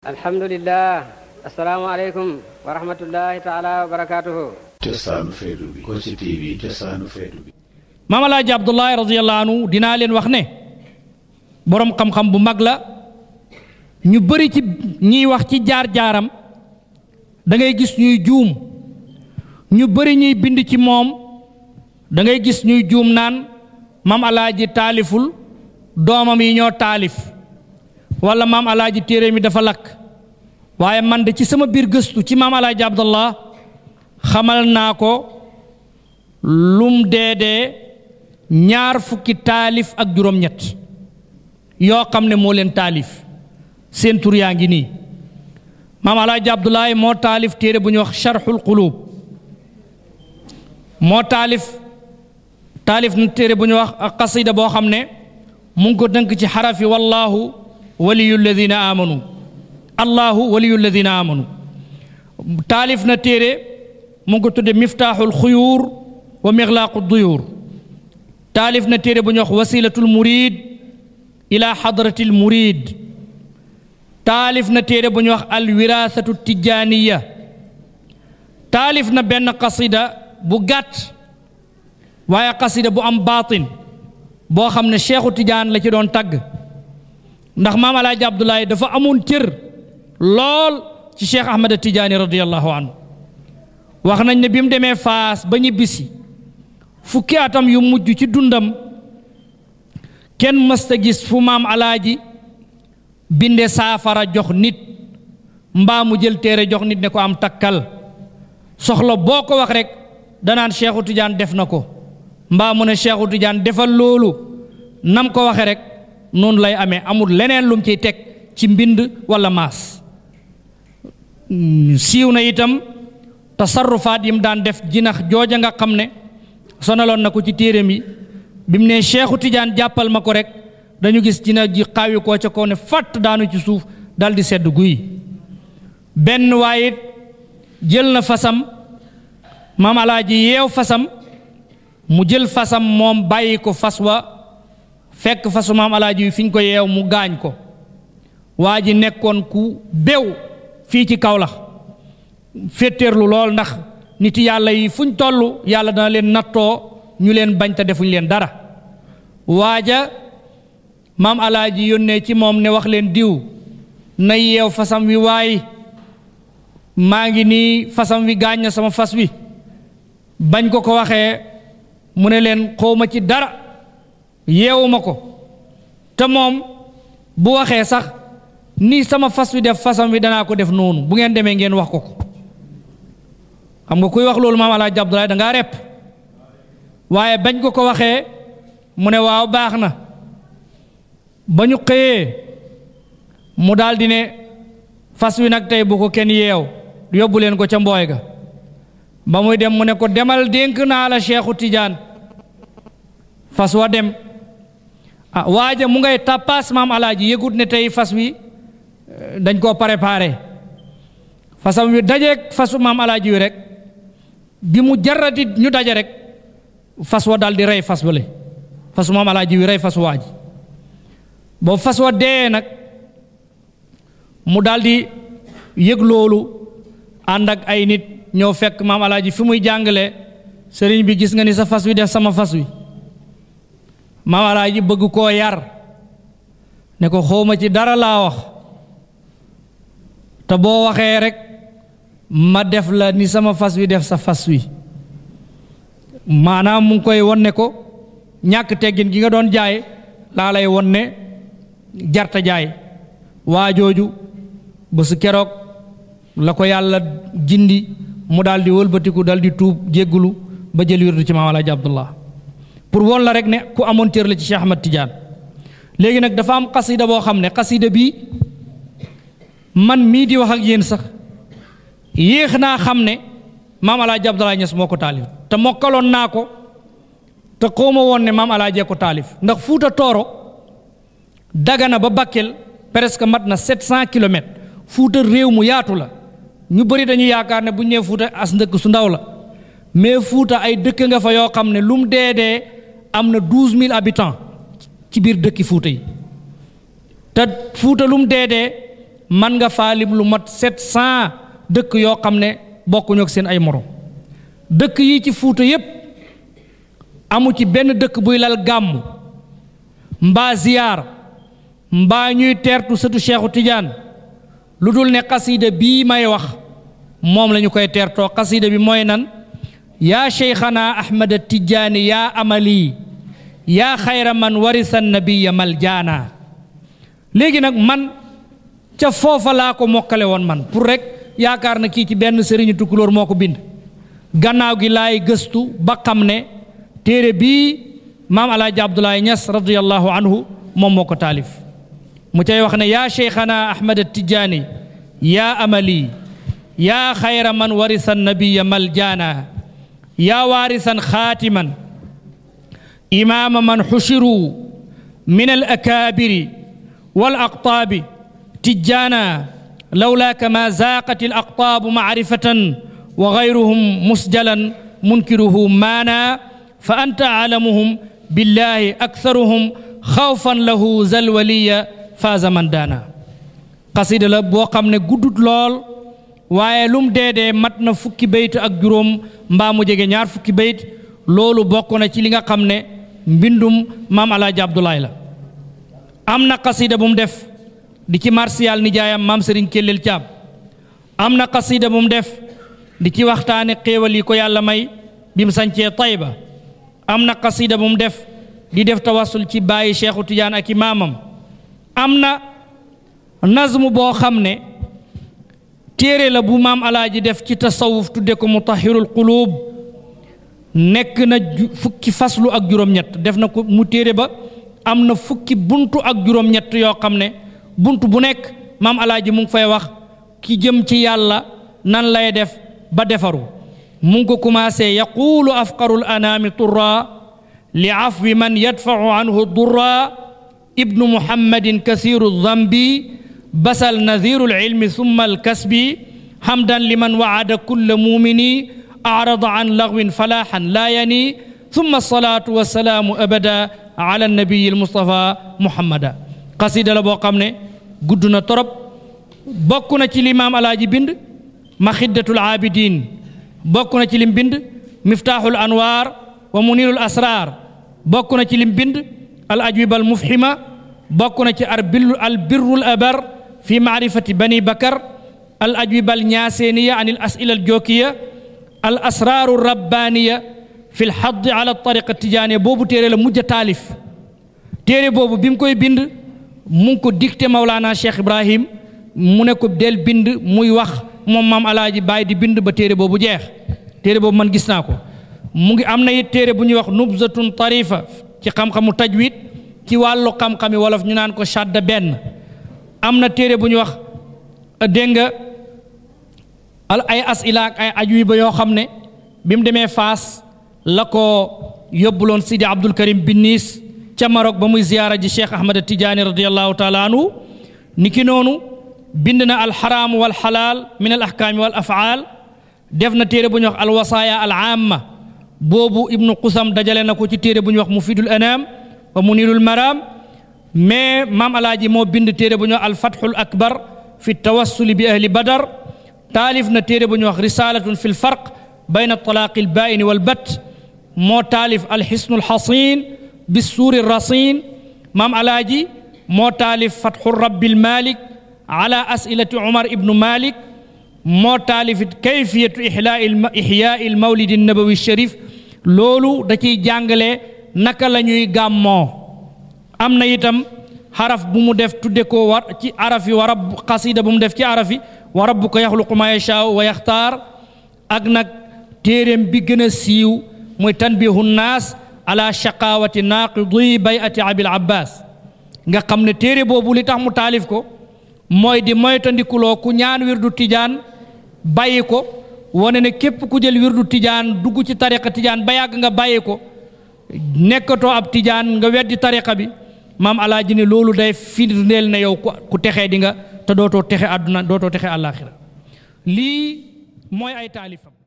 alhamdulilah asalaamaaleykum wa rahmatullahi maam alaaji abdullahi radiallahu anhu dinaa leen wax ne boroom xam-xam bu mag la ñu bari ci ñiy wax ci jaar-jaaram dangay gis ñuy juum ñu bari ñuy bind ci moom dangay gis ñuy juum naan maam alaaji taaliful doomam yi ñoo taalif wala mam alaji tere mi dafa lak waye man de ci sama bir gëstu ci mam alaji abdallah xamal nako lum dede ñaar fukki talif ak juroom ñet yo xamne mo len talif sen tour tur yaa ngi nii maam alaaji abdoulaye moo taalif téere bu wax sharhul qulub mo talif talif na tere buñu wax ak qasida bo xamne mu ngi ko dënk ci harafi wallahu ولي الذين آمنوا الله ولي الذين آمنوا تالف نتيري ممكن تدي مفتاح الخيور ومغلاق الضيور تالف نتيري بنيوخ وسيلة المريد إلى حضرة المريد تالف نتيري بنيوخ الوراثة التجانية تالف نبين قصيدة بغات ويا قصيدة بو أم باطن بوخم خمنا شيخ التجان لكي دون تق ndax maam alaaji Abdullah, dafa amoon cër lool ci cheikh ahmad tidiane radiyallahu anhu wax nañ ne bi mu demee faas ba ñibbisi fukki atam yu mujj ci dundam Ken mësta gis fu maam alaaji binde saafara jox nit mbaa mu jël téere jox nit ne ko am takkal soxla boko ko wax rek danaan cheikhu tidiane def na ko mbaa mu ne cheikhu tidiane defal loolu nam ko waxe rek noonu lay amee amul leneen lum ciy teg ci mbind walla maas mm, siiw na itam tasarrufaat yim daan def jinax jooja nga xam ne sonaloon na ko ci téereem yi bi mu ne Seexu Tijaan jàppal ma ko rek dañu gis jinax ji xaawi koo ca kaw ne fàtt daanu ci suuf daldi sedd guy benn waayit jël na fasam maam alaaji yeew fasam mu jël fasam moom bàyyi ko fas wa fekk fasu maam alaaji wi fiñ ko yeew mu gaañ ko waa ji nekkoon ku bew fii ci kaw la féttéerlu lool ndax nit yàlla yi fuñ toll yàlla dana leen nattoo ñu leen bañ ta defuñ leen dara waaja maam alaaji yónnee ci moom ne wax leen diw na yeew fasam wi waay maa ngi nii fasam wi gaañ na sama fas wi bañ ko ko waxee mu ne leen xawma ci dara yeewuma ko te moom bu waxee sax ni sama fas wi def fasam wi danaa ko def noonu bu ngeen demee ngeen wax ko ko xam nga kuy wax loolu maam Alaaji Abdoulaye dangaa repp waaye bañ ko ko waxee mu ne waaw baax na ba ñu xëyee mu daldi ne fas wi nag tey bu ko kenn yeew yóbbu leen ko ca mbooy ga ba muy dem mu ne ko demal dénk naa la Seexu Tijaan fas wa dem ah waaja mu ngay tappaas maam alaaji yëgut ne tey fas wi eh, dañ koo préparé fasam wi dajeeg fasu maam alaaji wi rek bi mu jarati ñu daje rek fas wa daal di rey fas wale fasu maam alaaji wi rey fasu waaji boobu fas wa dee nag mu daal di yëg loolu ànd ak ay nit ñoo fekk maam alaaji fi muy jàngale sëriñ bi gis nga ni sa fas wi def sama fas wi ma walaa ji bëgg ko yar ne ko xawma ci dara la wax te bo waxe rek ma def la ni sama fas wi def sa fas wi manam mu koy won ko ñak teggin gi nga doon jaay la lay won jarta jaay wajoju, joju bu su kérok la ko yalla jindi mu daldi di daldi di tuub jéggulu ba jël wirdu ci maam abdullah pour woon la rek ne ku amoon cër la ci Cheikh Ahmad Tidiane léegi nag dafa am xasida boo xam ne xasida bii man mii di wax ak yéen sax yéex naa xam ne maam Alaaji Abdoulaye Niass moo ko taalif te mokkaloon naa ko te xawma woon ne maam Alaaji ko taalif ndax Fuuta Tooro Dagana ba Bakel presque mat na 700 kilomètres Fuuta réew mu yaatu la ñu bëri dañu yaakaar ne bu ñu nee Fuuta as ndëkk su ndaw la mais Fuuta ay dëkk nga fa yoo xam ne lu dee dee am na douze mille habitants ci biir dëkki Fuuta yi te fuutalum lum dee dee man nga faalim lu mat sept cent dëkk yoo xam ne bokkuñu ak seen ay moroom dëkk yi ci Fuuta yépp amu ci benn dëkk buy lal gàmm mbaa ziyaar mbaa ñuy teertu sëtu Seexu Tijaan lu dul ne xasiida bii may wax moom la ñu koy teertoo xasiida bi mooy nan yaa cheykhana ahmad tijjaani yaa amali yaa xayra man warisa nabiya maljaana léegi nag man ca foofa laa ko mokkale woon man pour rek yaakaar na kii ci benn sëriñu tukkulóor moo ko bind gannaaw gi laay gëstu ba xam ne téere bii maam alaaji abdoulaye ñas radiallahu anhu moom moo ko taalif mu cay wax ne yaa cheykhana ahmad tijjaani yaa amali yaa xayra man warisa nabiya maljaana يا وارثا خاتما إمام من حشروا من الأكابر والأقطاب تجانا لولاك ما زاقت الأقطاب معرفة وغيرهم مسجلا منكره مانا فأنت أعلمهم بالله أكثرهم خوفا له زلولية فاز من دانا قصيدة لبوقم نقدد لول waaye lum dee dee mat na fukki bayt ak juróom mbaa mu jege ñaar fukki bayt loolu bokk na ci li nga xam ne mbindum maam alaaji Abdoulaye la am na xasida bu def di ci marsiyaal nijaayam maam sëriñ Kellel Caam am na xasida bu def di ci waxtaane xéewal ko yàlla may bi mu sancee Tayba am na xasida bu def di def tawasul ci bàyyi Cheikhu Tidiane ak i maamam am na nazmu boo xam ne téere la bu maam alaaji def ci tasawuf tudde ko mutahirul qulub nekk na fukki faslu ak juróom-ñett def na ko mu téere ba am fukki buntu ak juróom-ñett yoo xam ne bu nekk maam alaaji mu ngi fay wax ki jëm ci yàlla nan lay def ba defaru mu ngi ko commencé yaquulu afqarul anaami turra li man yadfau anhu durra ibnu muhammadin kasiru zambi بسل نذير العلم ثم الكسب حمدا لمن وعد كل مؤمن أعرض عن لغو فلاحا لا يني ثم الصلاة والسلام أبدا على النبي المصطفى محمد قصيدة لبو قمنا قدنا ترب تي الإمام الاجي بند مخدة العابدين بقنا الإمام بند مفتاح الأنوار ومنير الأسرار بقنا الإمام بند الأجوبة المفحمة bokk تي البر الأبر في معرفة بني بكر الأجوبة الياسينية عن الأسئلة الجوكية الأسرار الربانية في الحض على الطريقة التجانية بوبو تيري لمجة تالف تيري بوبو بيمكو يبند مونكو ديكتي مولانا شيخ إبراهيم مونكو ديل بند موي وخ مومام علاج باي دي بند بتيري بوبو جيخ تيري بوبو من جسناكو مونكو أمنا يتيري بني وخ نبزة طريفة كي خم خم تجويد كي والو خم خم ولف نينانكو شاد بند am na téere bu ñu wax dégg nga ay asila ak ay aju yoo xam ne bi mu demee Faas la ko yóbbuloon Sidi Abdul Karim bin ca Maroc ba muy ziyaara ji Cheikh Ahmad Tijaani radiyallahu taala anhu niki noonu bind na al alxaraam wal xalaal min al ahkaami wal afaal def na téere bu ñu wax alwasaaya al aama boobu ibnu Qusam dajale na ko ci téere bu ñuy wax mufidul anaam wa munirul maraam mais maam alaaji moo bind téere bu ñuy wax alfathul akbar fi tawassuli bi ahli badar taalif na téere bu ñuy wax risalatun fi lfarq bayna talaaqi lbaayini walbat moo taalif alxisnu lxasin bissuuri rasin maam alaaji moo taalif fatxu rabbi lmalik ala asilati umar ibnu malik moo taalifit kayfiyatu ixyaai lmawlidi nabawi sharif loolu da ciy jàngale naka la ñuy gàmmoo am na itam haraf bu mu def tudde ko war ci arafi wa rabb qasida bu mu def ci arafi wa rabbuka yakhluqu ma yasha wa yakhtar ak nak terem bi gëna siiw ala shaqawati naqidi bayati abil abbas nga xamne tere bobu li tax mu talif ko moy di moytandikuloo ku ñaan wirdu tijaan bayiko ko wane ne ku jël wirdu tijaan dugg ci tariqa tijaan bayag nga bayiko ko ab tijaan nga weddi tariqa bi maam alaaji ne loolu day firndeel na yow ku texee di nga te dootoo texe àdduna dootoo texe àllaaxira lii mooy ay taalifam